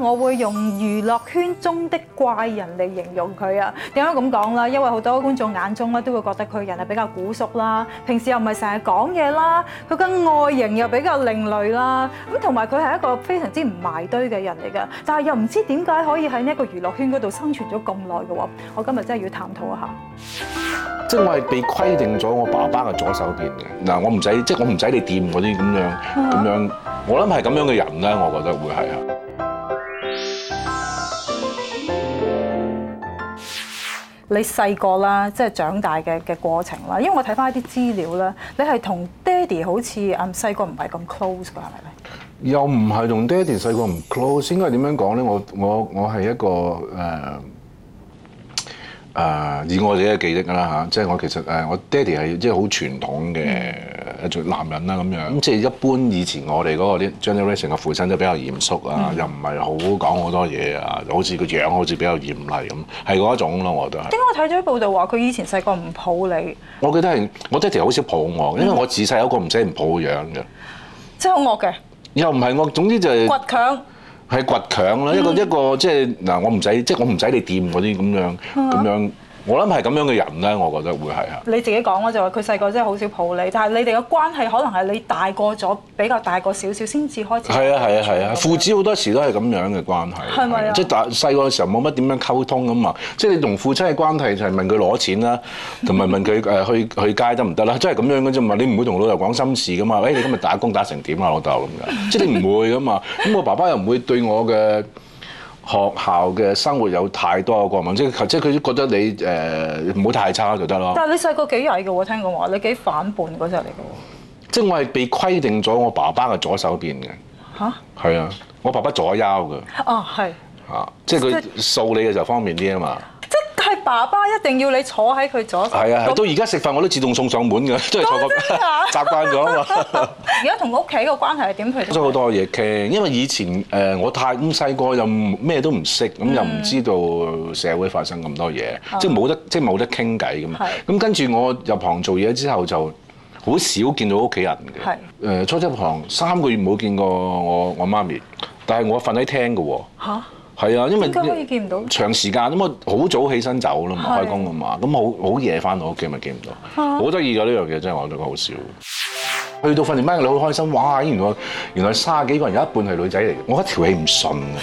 我會用娛樂圈中的怪人嚟形容佢啊。點解咁講咧？因為好多觀眾眼中咧都會覺得佢人係比較古熟啦，平時又唔係成日講嘢啦，佢嘅外形又比較另類啦。咁同埋佢係一個非常之唔埋堆嘅人嚟嘅，但係又唔知點解可以喺呢一個娛樂圈嗰度生存咗咁耐嘅喎。我今日真係要探討一下，即係我係被規定咗我爸爸嘅左手邊嘅嗱，我唔使即係我唔使你掂嗰啲咁樣咁樣，我諗係咁樣嘅人咧，我覺得會係啊。你細個啦，即係長大嘅嘅過程啦。因為我睇翻一啲資料啦，你係同爹哋好似啊，細個唔係咁 close 㗎，係咪咧？又唔係同爹哋細個唔 close，應該點樣講咧？我我我係一個誒誒、呃呃、以我自己嘅記憶啦嚇、啊，即係我其實誒我爹哋係即係好傳統嘅。嗯做男人啦、啊、咁樣，咁即係一般以前我哋嗰個啲 generation 嘅父親都比較嚴肅啊，嗯、又唔係好講好多嘢啊，好似個樣好似比較嚴厲咁，係嗰一種咯、啊，我覺得點解我睇咗啲報道話佢以前細個唔抱你？我記得係我爹哋好少抱我，因為我自細有個唔使唔抱嘅樣嘅，即係好惡嘅，又唔係惡，總之就係、是、倔強，係倔強啦，一個、嗯、一個即係嗱，我唔使即係我唔使你掂嗰啲咁樣咁樣。我諗係咁樣嘅人咧，我覺得會係啊！你自己講咯，就話佢細個真係好少抱你，但係你哋嘅關係可能係你大個咗比較大個少少先至開始係。係啊係啊係啊！父子好多時都係咁樣嘅關係。係咪啊？即係大細個嘅時候冇乜點樣溝通噶嘛。即係你同父親嘅關係就係問佢攞錢啦，同埋問佢誒去去街得唔得啦，即係咁樣嘅啫嘛。你唔會同老豆講心事噶嘛？誒、哎，你今日打工打成點啊，老豆咁樣。即係你唔會噶嘛。咁我爸爸又唔會對我嘅。學校嘅生活有太多過敏，即係即係佢覺得你誒唔好太差就得咯。但係你細個幾曳嘅喎？我聽講話你幾反叛嗰陣嚟嘅。即係我係被規定咗我爸爸嘅左手邊嘅。吓、啊？係啊，我爸爸左腰嘅。哦、啊，係。嚇、啊！即係佢掃你嘅時候方便啲啊嘛。爸爸一定要你坐喺佢左手。係啊，那到而家食飯我都自動送上門嘅，都係坐過習慣咗了。嘛？而 家同屋企個關係係點？佢講咗好多嘢傾，因為以前誒、呃、我太咁細個又咩都唔識，咁、嗯、又唔知道社會發生咁多嘢，即係冇得即係冇得傾偈㗎嘛。咁的、嗯、跟住我入行做嘢之後，就好少見到屋企人嘅。誒、呃，初出入行三個月冇見過我我，我媽咪，但係我瞓喺廳㗎喎。啊啊係啊，因為長時間咁啊，好早起身走啦嘛，開工啊嘛，咁好好夜翻到屋企咪見唔到，好得意㗎呢樣嘢，真係我都覺得好笑。去到訓練班，你好開心，哇！原來原來卅幾個人有一半係女仔嚟，我一條氣唔順啊。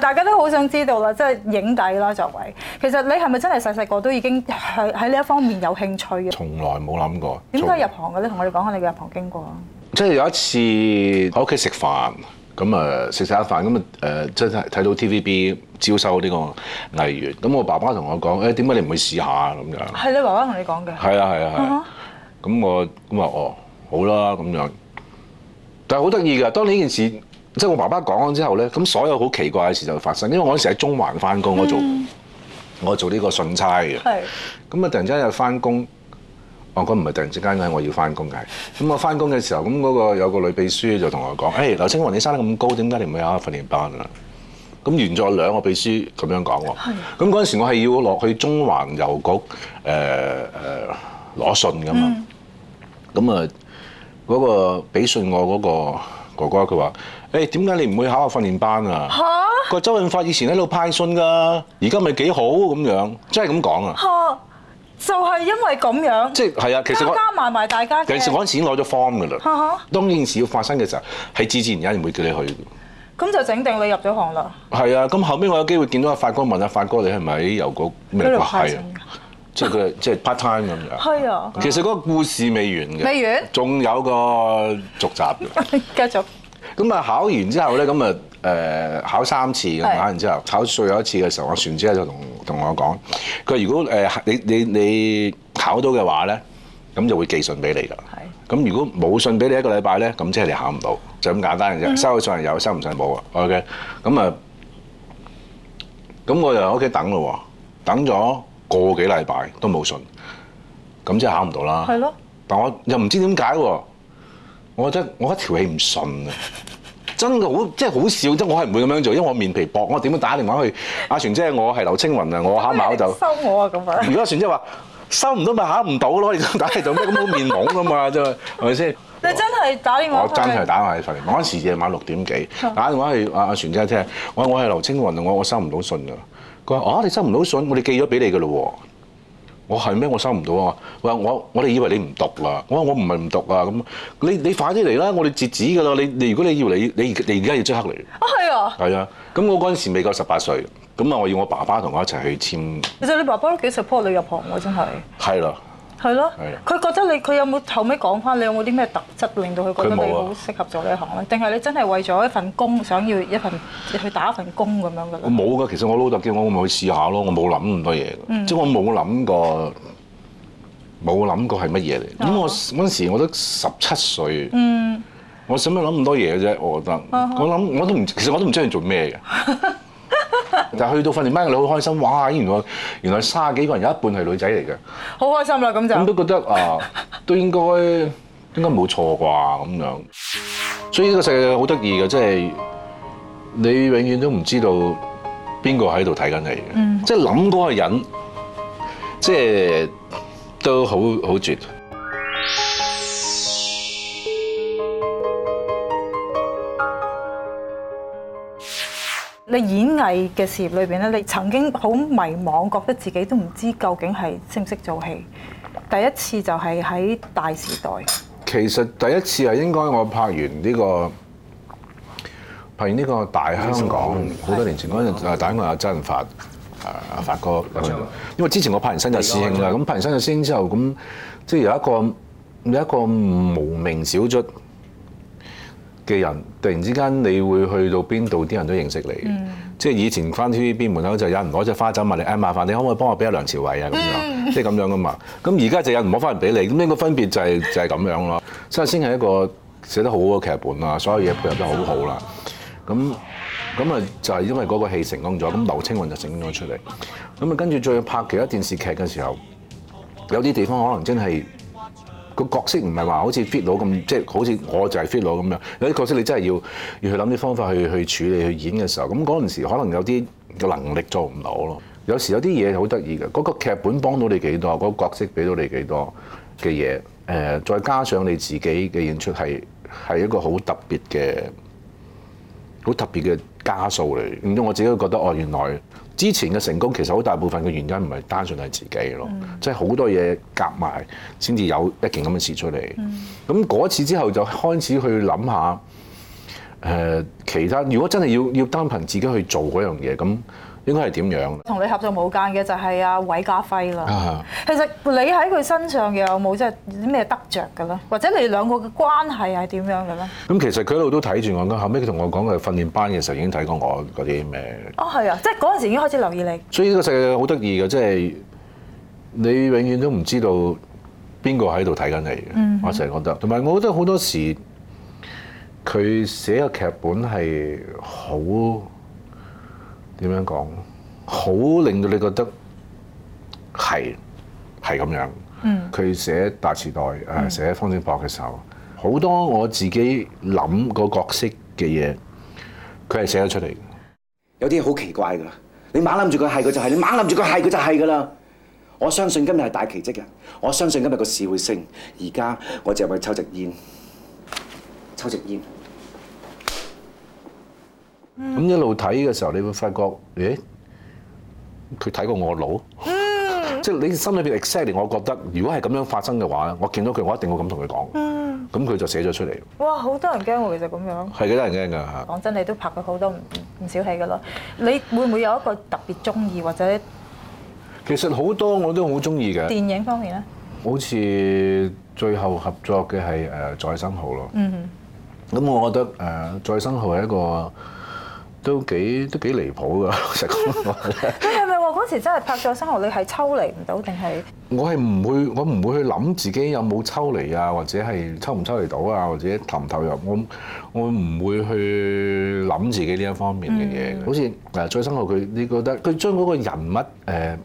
大家都好想知道啦，即係影帝啦，作為。其實你係咪真係細細個都已經喺呢一方面有興趣嘅？從來冇諗過。點解入行嘅咧？同我哋講下你嘅入行經過。即係有一次喺屋企食飯，咁啊食晒一飯，咁啊誒，真係睇到 TVB 招收呢個藝員。咁、嗯、我爸爸同我講：誒、欸，點解你唔去試下咁樣？係你爸爸同你講嘅。係啊係啊係。咁、uh huh. 嗯、我咁啊哦，好啦咁樣。但係好得意嘅，當呢件事即係我爸爸講咗之後咧，咁所有好奇怪嘅事就會發生。因為嗰陣時喺中環翻工，我做。我做呢個信差嘅，咁啊是突然之間又翻工，我講唔係突然之間嘅，我要翻工嘅。咁我翻工嘅時候，咁嗰個有個女秘書就同我講：誒， hey, 劉青雲你生得咁高，點解你唔去考下訓練班啊？咁原咗兩個秘書咁樣講喎。咁嗰陣時我係要落去中環郵局誒誒攞信噶嘛。咁啊嗰個俾信我嗰個哥哥佢話。誒點解你唔會考下訓練班啊？嚇！個周潤發以前喺度派信噶，而家咪幾好咁樣，真係咁講啊！嚇！就係因為咁樣，即係係啊，其實加埋埋大家，其實嗰陣時攞咗 form 噶啦。嚇！當件事要發生嘅時候，係自自然然有人會叫你去。咁就整定你入咗行啦。係啊，咁後面我有機會見到阿發哥問阿發哥，你係咪有個咩話啊？即係佢即係 part time 咁樣。係啊。其實嗰個故事未完嘅，未完。仲有個續集，繼續。咁啊，考完之後咧，咁啊，誒、呃，考三次嘅，考完之後，考最後一次嘅時候，船我船長就同同我講，佢話如果誒、呃、你你你考到嘅話咧，咁就會寄信俾你㗎。係是。咁如果冇信俾你一個禮拜咧，咁即係你考唔到，就咁簡單嘅啫。收咗信係有，收唔使補啊。O K。咁、okay? 啊，咁我就喺屋企等咯，等咗個幾禮拜都冇信，咁即係考唔到啦。係咯的。但我又唔知點解喎。我覺得我一條氣唔順啊！真嘅好，即係好少，即係我係唔會咁樣做，因為我面皮薄，我點樣打電話去阿璇、啊、姐？我係劉青雲啊！的我考唔到就收我啊咁啊！如果璇姐話收唔到咪考唔到咯，你打嚟做咩咁多面懵噶嘛？啫係咪先？是是你真係打電話我真係打埋嚟瞓，陣時夜晚六點幾打電話去阿阿、 啊、璇姐聽，我我係劉青雲啊！我我收唔到信噶，佢話，哦你收唔到信，我哋寄咗俾你噶咯喎。我係咩？我收唔到啊！話我我哋以為你唔讀啦，我我唔係唔讀啊！咁你你快啲嚟啦！我哋截止噶啦！你你如果你要嚟，你你而家要即刻嚟。啊，係啊！係啊！咁我嗰陣時未夠十八歲，咁啊我要我爸爸同我一齊去簽。其實你爸爸都幾 support 你入行㗎，真係。係啦、啊。係咯，佢的覺得你佢有冇後尾講翻？你有冇啲咩特質令到佢覺得你好適合做呢行咧？定係、啊、你真係為咗一份工，想要一份去打一份工咁樣噶。我冇噶，其實我老豆叫我我咪去試下咯，我冇諗咁多嘢嘅，嗯、即係我冇諗過，冇諗過係乜嘢嚟。咁、嗯嗯、我嗰陣時我都十七歲，嗯、我使乜諗咁多嘢嘅啫？我覺得、嗯、我諗我都唔，其實我都唔知你做咩嘅。 就 去到訓練班，你好開心，哇！原來原來卅幾個人有一半係女仔嚟嘅，好開心啦！咁就咁都覺得啊，都應該應該冇錯啩咁樣。所以呢個世界好得意嘅，即係你永遠都唔知道邊個喺度睇緊你嘅，即係諗嗰個人，即係都好好絕。你演藝嘅事業裏邊咧，你曾經好迷茫，覺得自己都唔知究竟係識唔識做戲。第一次就係喺《大時代》。其實第一次係應該我拍完呢個拍完呢個《大香港》好多年前嗰陣誒，《大香港》阿周潤發啊，阿發哥。錯因為之前我拍完《新紮師兄》啦，咁拍完《新紮師兄》之後，咁即係有一個有一個無名小卒。嘅人突然之間，你會去到邊度，啲人都認識你。嗯、即係以前翻 TVB 門口就有人攞隻花走埋嚟：「哎，麻煩你可唔可以幫我俾阿梁朝偉啊咁樣，嗯、即係咁樣噶嘛。咁而家就有人攞翻嚟俾你，咁應該分別就係、是、就係、是、咁樣咯。 所以先係一個寫得好好嘅劇本啦，所有嘢配合得好好啦。咁咁啊，就係因為嗰個戲成功咗，咁劉青雲就整咗出嚟。咁啊，跟住再拍其他電視劇嘅時候，有啲地方可能真係。個角色唔係話好似 fit 佬咁，即係好似我就係 fit 佬咁樣。有啲角色你真係要要去諗啲方法去去處理去演嘅時候，咁嗰陣時可能有啲個能力做唔到咯。有時有啲嘢好得意嘅，嗰個劇本幫到你幾多，嗰個角色俾到你幾多嘅嘢。誒，再加上你自己嘅演出係係一個好特別嘅。好特別嘅加數嚟，唔知我自己覺得哦，原來之前嘅成功其實好大部分嘅原因唔係單純係自己咯，即係好多嘢夾埋先至有一件咁嘅事出嚟。咁嗰次之後就開始去諗下，誒、呃、其他如果真係要要單憑自己去做嗰樣嘢咁。應該係點樣？同你合作冇間嘅就係阿韋家輝啦。啊、其實你喺佢身上又有冇即係啲咩得着㗎咧？或者你哋兩個嘅關係係點樣嘅咧？咁其實佢一路都睇住我，咁後尾佢同我講嘅訓練班嘅時候已經睇過我嗰啲咩？哦，係啊，即係嗰陣時已經開始留意你。所以呢個世界好得意嘅，即係你永遠都唔知道邊個喺度睇緊你嘅。嗯、哼我成日覺得，同埋我覺得好多時佢寫嘅劇本係好。點樣講？好令到你覺得係係咁樣。佢、嗯、寫《大時代》誒，寫《方展博》嘅時候，好、嗯、多我自己諗個角色嘅嘢，佢係寫得出嚟。有啲好奇怪㗎，你猛諗住佢係佢就係、是，你猛諗住佢係佢就係㗎啦。我相信今日係大奇蹟啊！我相信今日個市會升。而家我淨係抽隻煙，抽隻煙。咁、mm hmm. 一路睇嘅時候，你會發覺，誒、欸，佢睇過我腦，mm hmm. 即係你心裏邊 expect 嚟。我覺得，如果係咁樣發生嘅話咧，我見到佢，我一定會咁同佢講。咁佢、mm hmm. 就寫咗出嚟。哇！好多人驚喎，其實咁樣係幾多人驚㗎？講真，你都拍過好多唔唔少戲㗎啦。你會唔會有一個特別中意或者？其實好多我都好中意嘅電影方面咧，好似最後合作嘅係誒再生號咯。咁、mm hmm. 我覺得誒、呃、再生號係一個。都幾都幾離譜㗎，老實講。佢係咪話嗰時真係拍咗《再生號》，你係抽離唔到定係？我係唔會，我唔會去諗自己有冇抽離啊，或者係抽唔抽離到啊，或者投唔投入。我我唔會去諗自己呢一方面嘅嘢。好似誒《再生號》，佢你覺得佢將嗰個人物誒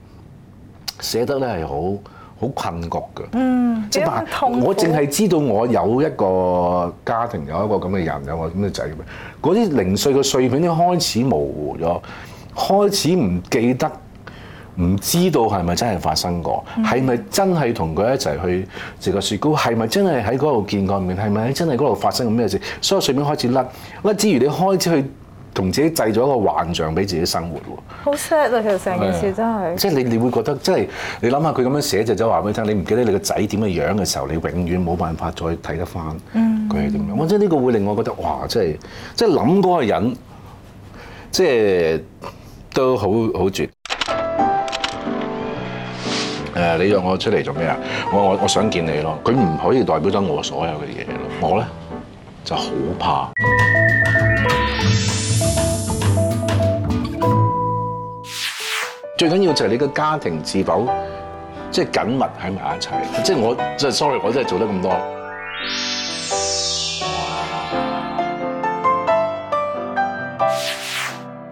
寫得咧係好。好困局㗎，即係我淨係知道我有一個家庭，有一個咁嘅人，有個咁嘅仔咁樣。嗰啲零碎嘅碎片，都開始模糊咗，開始唔記得，唔知道係咪真係發生過，係咪、嗯、真係同佢一齊去食個雪糕，係咪真係喺嗰度見過面，係咪真係嗰度發生過咩事，所有碎片開始甩甩之餘，至於你開始去。同自己製咗一個幻象俾自己生活喎、啊，好 sad 啊！其實成件事真係、啊，即係你你會覺得，即係你諗下佢咁樣寫就走話俾你聽，你唔記得你個仔點嘅樣嘅時候，你永遠冇辦法再睇得翻佢係點樣,樣。或者呢個會令我覺得，哇！即係即係諗嗰個人，即係都好好絕。誒、嗯，你約我出嚟做咩啊？我我我想見你咯。佢唔可以代表咗我所有嘅嘢咯。我咧就好怕。最緊要就係你個家庭是否即係緊密喺埋一齊？即係我即係 sorry，我真係做得咁多。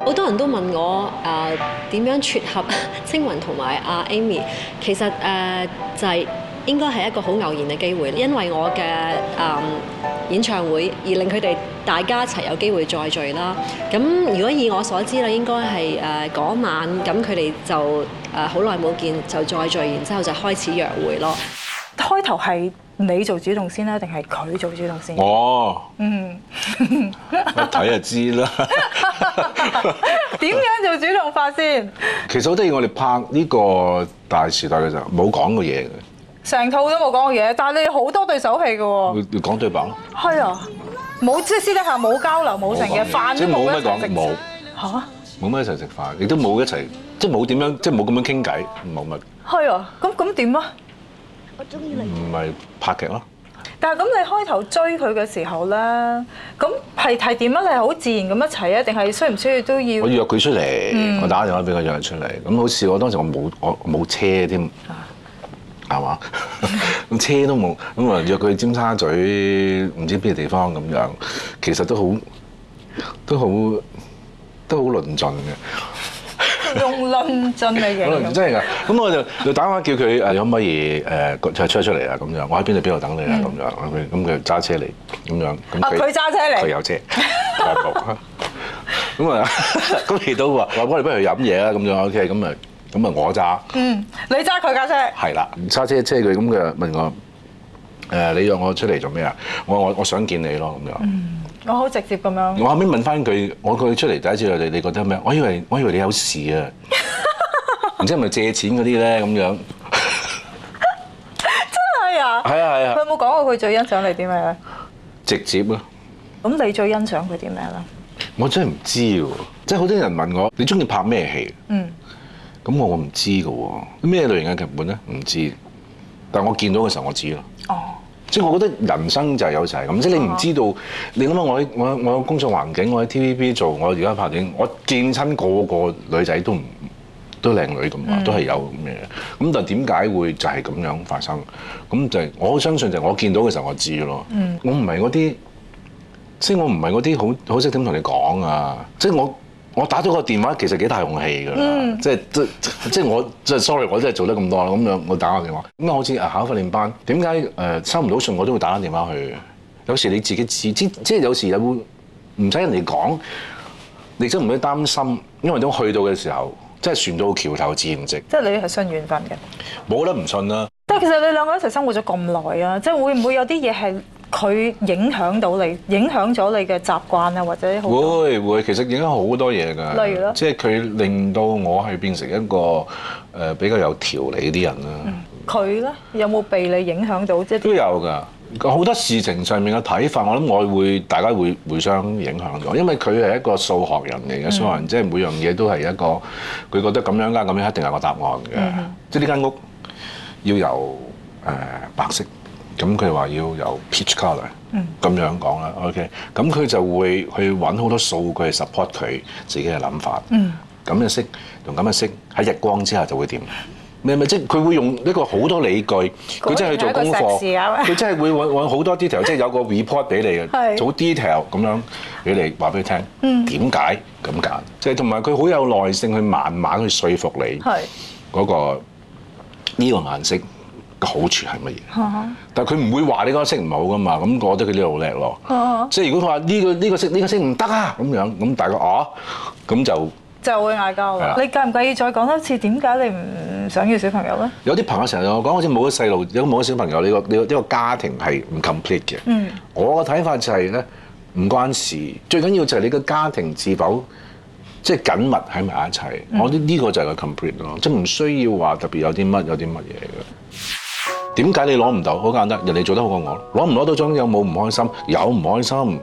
好多人都問我誒點、呃、樣撮合青雲同埋阿 Amy，其實誒、呃、就係、是。應該係一個好偶然嘅機會，因為我嘅誒演唱會而令佢哋大家一齊有機會再聚啦。咁如果以我所知啦，應該係誒嗰晚咁佢哋就誒好耐冇見，就再聚，然之後就開始約會咯。開頭係你做主動先啦，定係佢做主動先？哦，嗯，睇 就知啦。點 樣做主動法先？其實好得意，我哋拍呢個大時代嘅時候，冇講過嘢嘅。成套都冇講嘅嘢，但係你好多對手戲嘅喎、哦。要講對白咯。係啊，冇即係私底下冇交流，冇成嘅飯冇即係冇乜講，冇嚇，冇乜、啊、一齊食飯，亦都冇一齊，即係冇點樣，即係冇咁樣傾偈，冇乜。係啊，咁咁點啊？我鍾意你，唔係、嗯、拍劇咯。但係咁你開頭追佢嘅時候咧，咁係係點啊？你係好自然咁一齊啊？定係需唔需要都要？我約佢出嚟，嗯、我打電話俾佢約佢出嚟。咁好似我當時我冇我冇車添。係嘛？咁 車都冇，咁啊約佢尖沙咀，唔知邊個地方咁樣，其實都好，都好，都好論盡嘅。用論盡嘅嘢，論盡㗎，咁我就就打電話叫佢誒可唔可以誒就出出嚟啊咁樣，我喺邊度邊度等你啊咁樣。咁佢咁揸車嚟咁樣。咁佢揸車嚟，佢有車。咁啊，高都到喎。我哋不如不如飲嘢啦咁樣，O K，咁啊。咁啊！我揸，嗯，你揸佢架車，係啦，唔揸車車佢咁嘅問我，誒，你約我出嚟做咩啊？我我我想見你咯咁樣，我好直接咁樣。我後尾問翻佢，我佢出嚟第一次，你你覺得咩？我以為我以為你有事啊，唔知係咪借錢嗰啲咧咁樣，真係啊，係啊係啊！佢有冇講過佢最欣賞你啲咩？直接咯。咁你最欣賞佢啲咩咧？我真係唔知喎，即係好多人問我，你中意拍咩戲？嗯。咁、嗯、我我唔知噶喎，咩類型嘅劇本咧？唔知，但係我見到嘅時候我知咯。哦，oh. 即係我覺得人生就係有就係咁，oh. 即係你唔知道。你諗下，我我我工作環境，我喺 TVB 做，我而家拍電影，我見親個個女仔都唔都靚女咁啊，都係、mm. 有咁嘅。咁但係點解會就係咁樣發生？咁就係、是、我好相信就係我見到嘅時候我知咯。Mm. 我唔係嗰啲，即係我唔係嗰啲好好識點同你講啊，即係我。我打咗個電話，其實幾大勇氣㗎啦、嗯，即係即即係我即係 sorry，我真係做得咁多啦，咁樣我打個電話。咁啊，好似考訓練班，點解誒收唔到信，我都會打個電話去。有時你自己知，即即係有時你會唔使人哋講，你都唔會擔心，因為都去到嘅時候，即係船到橋頭自然直。即係你係信緣分嘅，冇得唔信啦、啊。即係其實你兩個一齊生活咗咁耐啊，即係會唔會有啲嘢係？佢影響到你，影響咗你嘅習慣啊，或者會會，其實影響好多嘢㗎。例如即係佢令到我係變成一個誒比較有條理啲人啦。佢、嗯、呢，有冇被你影響到？即都有㗎。好多事情上面嘅睇法，我諗我會大家會互相影響咗，因為佢係一個數學人嚟嘅、嗯、數學人，即係每樣嘢都係一個佢覺得咁樣㗎，咁樣，咁樣一定係個答案㗎。嗯、即係呢間屋要有、呃呃、白色。咁佢話要有 pitch color 咁樣講啦。OK，咁佢就會去揾好多數據 support 佢自己嘅諗法。咁嘅色同咁嘅色喺日光之下就會點？明咩？即係佢會用呢個好多理據，佢真係去做功課，佢真係會揾好多 detail，即係 有個 report 俾你嘅，做是 detail 咁樣俾你話俾你聽，點解咁揀？即係同埋佢好有耐性去慢慢去說服你、嗰個，嗰個呢個顏色。個好處係乜嘢？Uh huh. 但係佢唔會話呢個色唔好噶嘛。咁我覺得佢呢度好叻咯。Uh huh. 即係如果佢話呢個呢、呢個色呢、呢個色唔得啊咁樣咁，大概哦咁就就會嗌交啦。的你介唔介意再講多次？點解你唔想要小朋友咧？有啲朋友成日有講，好似冇咗細路，有冇咗小朋友呢個呢呢個家庭係唔 complete 嘅。我嘅睇法就係咧，唔關事，最緊要就係你個家庭是否即係、就是、緊密喺埋一齊。Uh huh. 我覺得呢個就係個 complete 咯，即係唔需要話特別有啲乜有啲乜嘢嘅。點解你攞唔到？好簡單，人哋做得好過我。攞唔攞到獎有冇唔開心？有唔開心。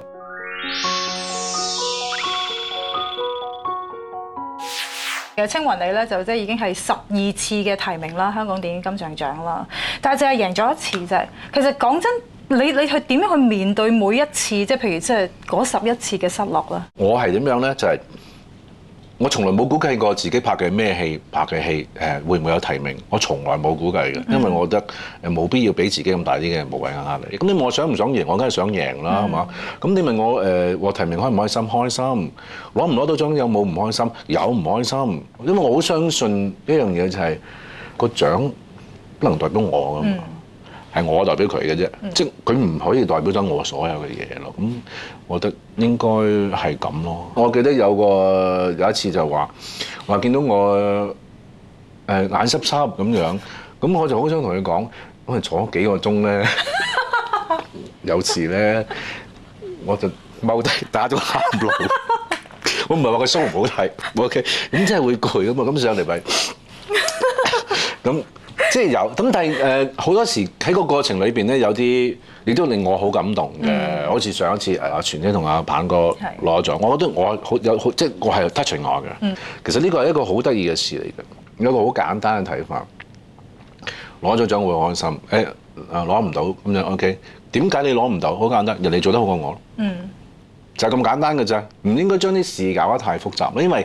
其實《青雲》你呢，就即係已經係十二次嘅提名啦，香港電影金像獎啦，但係淨係贏咗一次啫。其實講真，你你去點樣去面對每一次即係譬如即係嗰十一次嘅失落咧？我係點樣呢？就係。我從來冇估計過自己拍嘅咩戲，拍嘅戲誒會唔會有提名？我從來冇估計嘅，因為我覺得誒冇必要俾自己咁大啲嘅無謂壓力。咁你問我想唔想贏，我梗係想贏啦，係嘛、mm.？咁你問我誒獲、呃、提名開唔開心？開心。攞唔攞到獎有冇唔開心？有唔開心。因為我好相信一樣嘢就係個獎不能代表我㗎嘛，係、mm. 我代表佢嘅啫。Mm. 即佢唔可以代表咗我所有嘅嘢咯。咁我覺得。應該係咁咯。我記得有個有一次就話話見到我誒、呃、眼濕濕咁樣，咁我就好想同佢講，可能坐幾個鐘咧，有時咧我就踎低打咗喊露， 我唔係話個 show 唔好睇 ，OK，咁真係會攰啊嘛，咁上嚟咪咁即係有，咁但係誒好多時喺個過程裏邊咧有啲。亦都令我好感動嘅，好似、嗯、上一次阿、啊、全姐同阿棒哥攞獎，是我覺得我好有好，即係我係 touch 我嘅。其實呢個係一個好得意嘅事嚟嘅，有個好簡單嘅睇法。攞咗獎會安心，誒攞唔到咁就 OK。點解你攞唔到？好簡單，人哋做得好過我。嗯，就咁簡單嘅啫，唔應該將啲事搞得太複雜。因為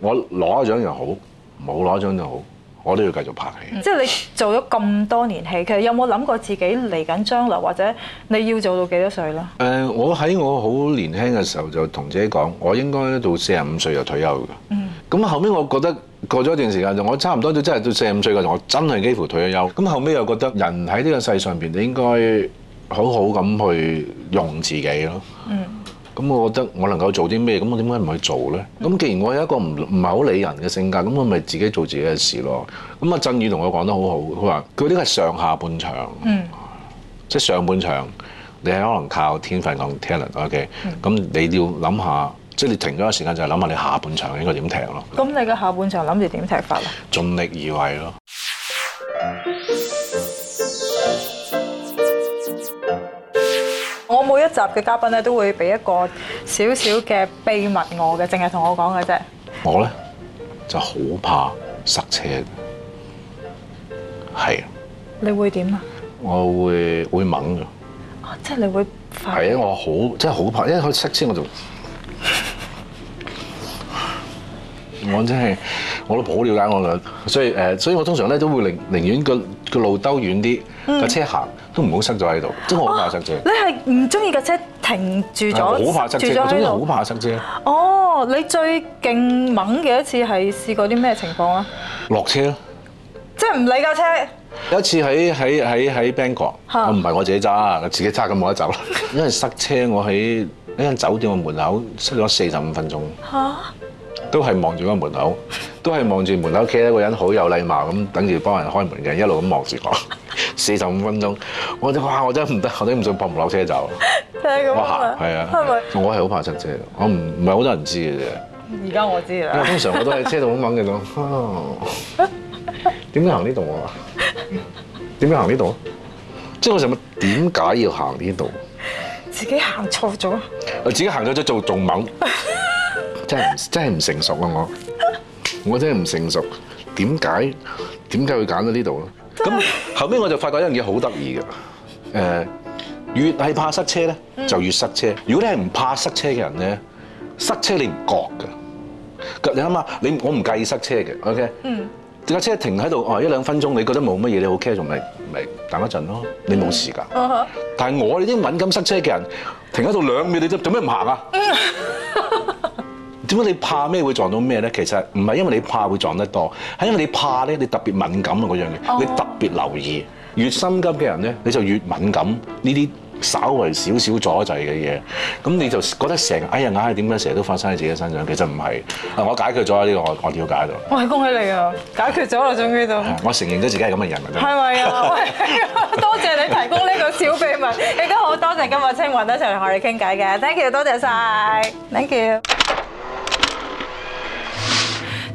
我攞咗獎又好，冇攞獎又好。我都要繼續拍戲。嗯、即係你做咗咁多年戲，其實有冇諗過自己嚟緊將來或者你要做到幾多歲咧？誒、呃，我喺我好年輕嘅時候就同自己講，我應該到四十五歲就退休㗎。咁、嗯、後尾我覺得過咗一段時間，我差唔多真係到四十五歲嗰陣，我真係幾乎退咗休。咁後尾又覺得人喺呢個世上邊，你應該好好咁去用自己咯。嗯咁我覺得我能夠做啲咩，咁我點解唔去做咧？咁既然我有一個唔唔係好理人嘅性格，咁我咪自己做自己嘅事咯。咁啊，振宇同我講得好好，佢話：佢呢個係上下半場，嗯、即係上半場，你係可能靠天分同 talent、okay? 嗯。O K，咁你要諗下，即係你停咗時間就係諗下你下半場應該點踢咯。咁你嘅下半場諗住點踢法啊？盡力而為咯。每一集嘅嘉賓咧都會俾一個少少嘅秘密我嘅，淨係同我講嘅啫。我咧就好怕塞車，係啊。你會點啊？我會會猛㗎。哦，即係你會快？係啊，我好即係好怕，因為佢塞車我就 我真係我都好了解我㗎，所以誒，所以我通常咧都會寧寧願個。個路兜遠啲，架、嗯、車行都唔好塞咗喺度，真係好、哦、怕塞車。你係唔中意架車停住咗，好怕塞車，塞車我好怕塞車。哦，你最勁猛嘅一次係試過啲咩情況啊？落車咯，即係唔理架車。車有一次喺喺喺喺 Bangkok，我唔係我自己揸，自己揸，咁冇得走， 因為塞車，我喺呢間酒店嘅門口塞咗四十五分鐘。嚇！ 都係望住個門口，都係望住門口，企喺一個人好有禮貌咁等住幫人開門嘅，一路咁望住我，四十五分鐘，我就哇，我真唔得，我真唔想泊唔落車走，我行，係啊，是是我係好怕塞車，我唔唔係好多人知嘅啫，而家我知啦，因為通常我都喺車度揾揾嘅咯，點解行呢度啊？點解行呢度？即係我想問點解要行呢度？自己行錯咗，自己行錯咗做仲猛。」真係唔真係唔成熟啊！我我真係唔成熟，點解點解會揀到呢度咯？咁真是 後屘我就發覺一樣嘢好得意嘅，誒、呃、越係怕塞車咧，就越塞車。嗯、如果你係唔怕塞車嘅人咧，塞車你唔覺嘅。你諗下，你我唔介意塞車嘅，OK。嗯，架車停喺度哦，一兩分鐘你覺得冇乜嘢，你 OK？仲咪咪等一陣咯。你冇時間，嗯、但係我哋啲敏感塞車嘅人，停喺度兩秒你都做咩唔行啊？嗯 點解你怕咩會撞到咩咧？其實唔係因為你怕會撞得多，係因為你怕咧，你特別敏感啊嗰樣嘢，你、哦、特別留意。越心急嘅人咧，你就越敏感呢啲稍微少少阻滯嘅嘢。咁你就覺得成哎呀點解，成日都發生喺自己身上。其實唔係，我解決咗呢個我，我我瞭解到了。喂！恭喜你啊，解決咗啦終於都。 我承認咗自己係咁嘅人啊。係咪啊？多 謝，謝你提供呢個小秘密。亦都好多謝今日青雲一齊同我哋傾偈嘅。Thank you，多謝晒。Thank you。謝謝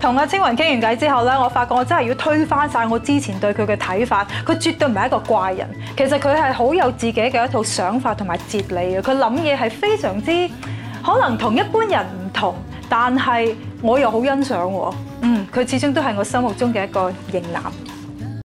同阿青雲傾完偈之後咧，我發覺我真係要推翻晒我之前對佢嘅睇法，佢絕對唔係一個怪人。其實佢係好有自己嘅一套想法同埋哲理嘅，佢諗嘢係非常之可能同一般人唔同，但係我又好欣賞。嗯，佢始終都係我心目中嘅一個型男。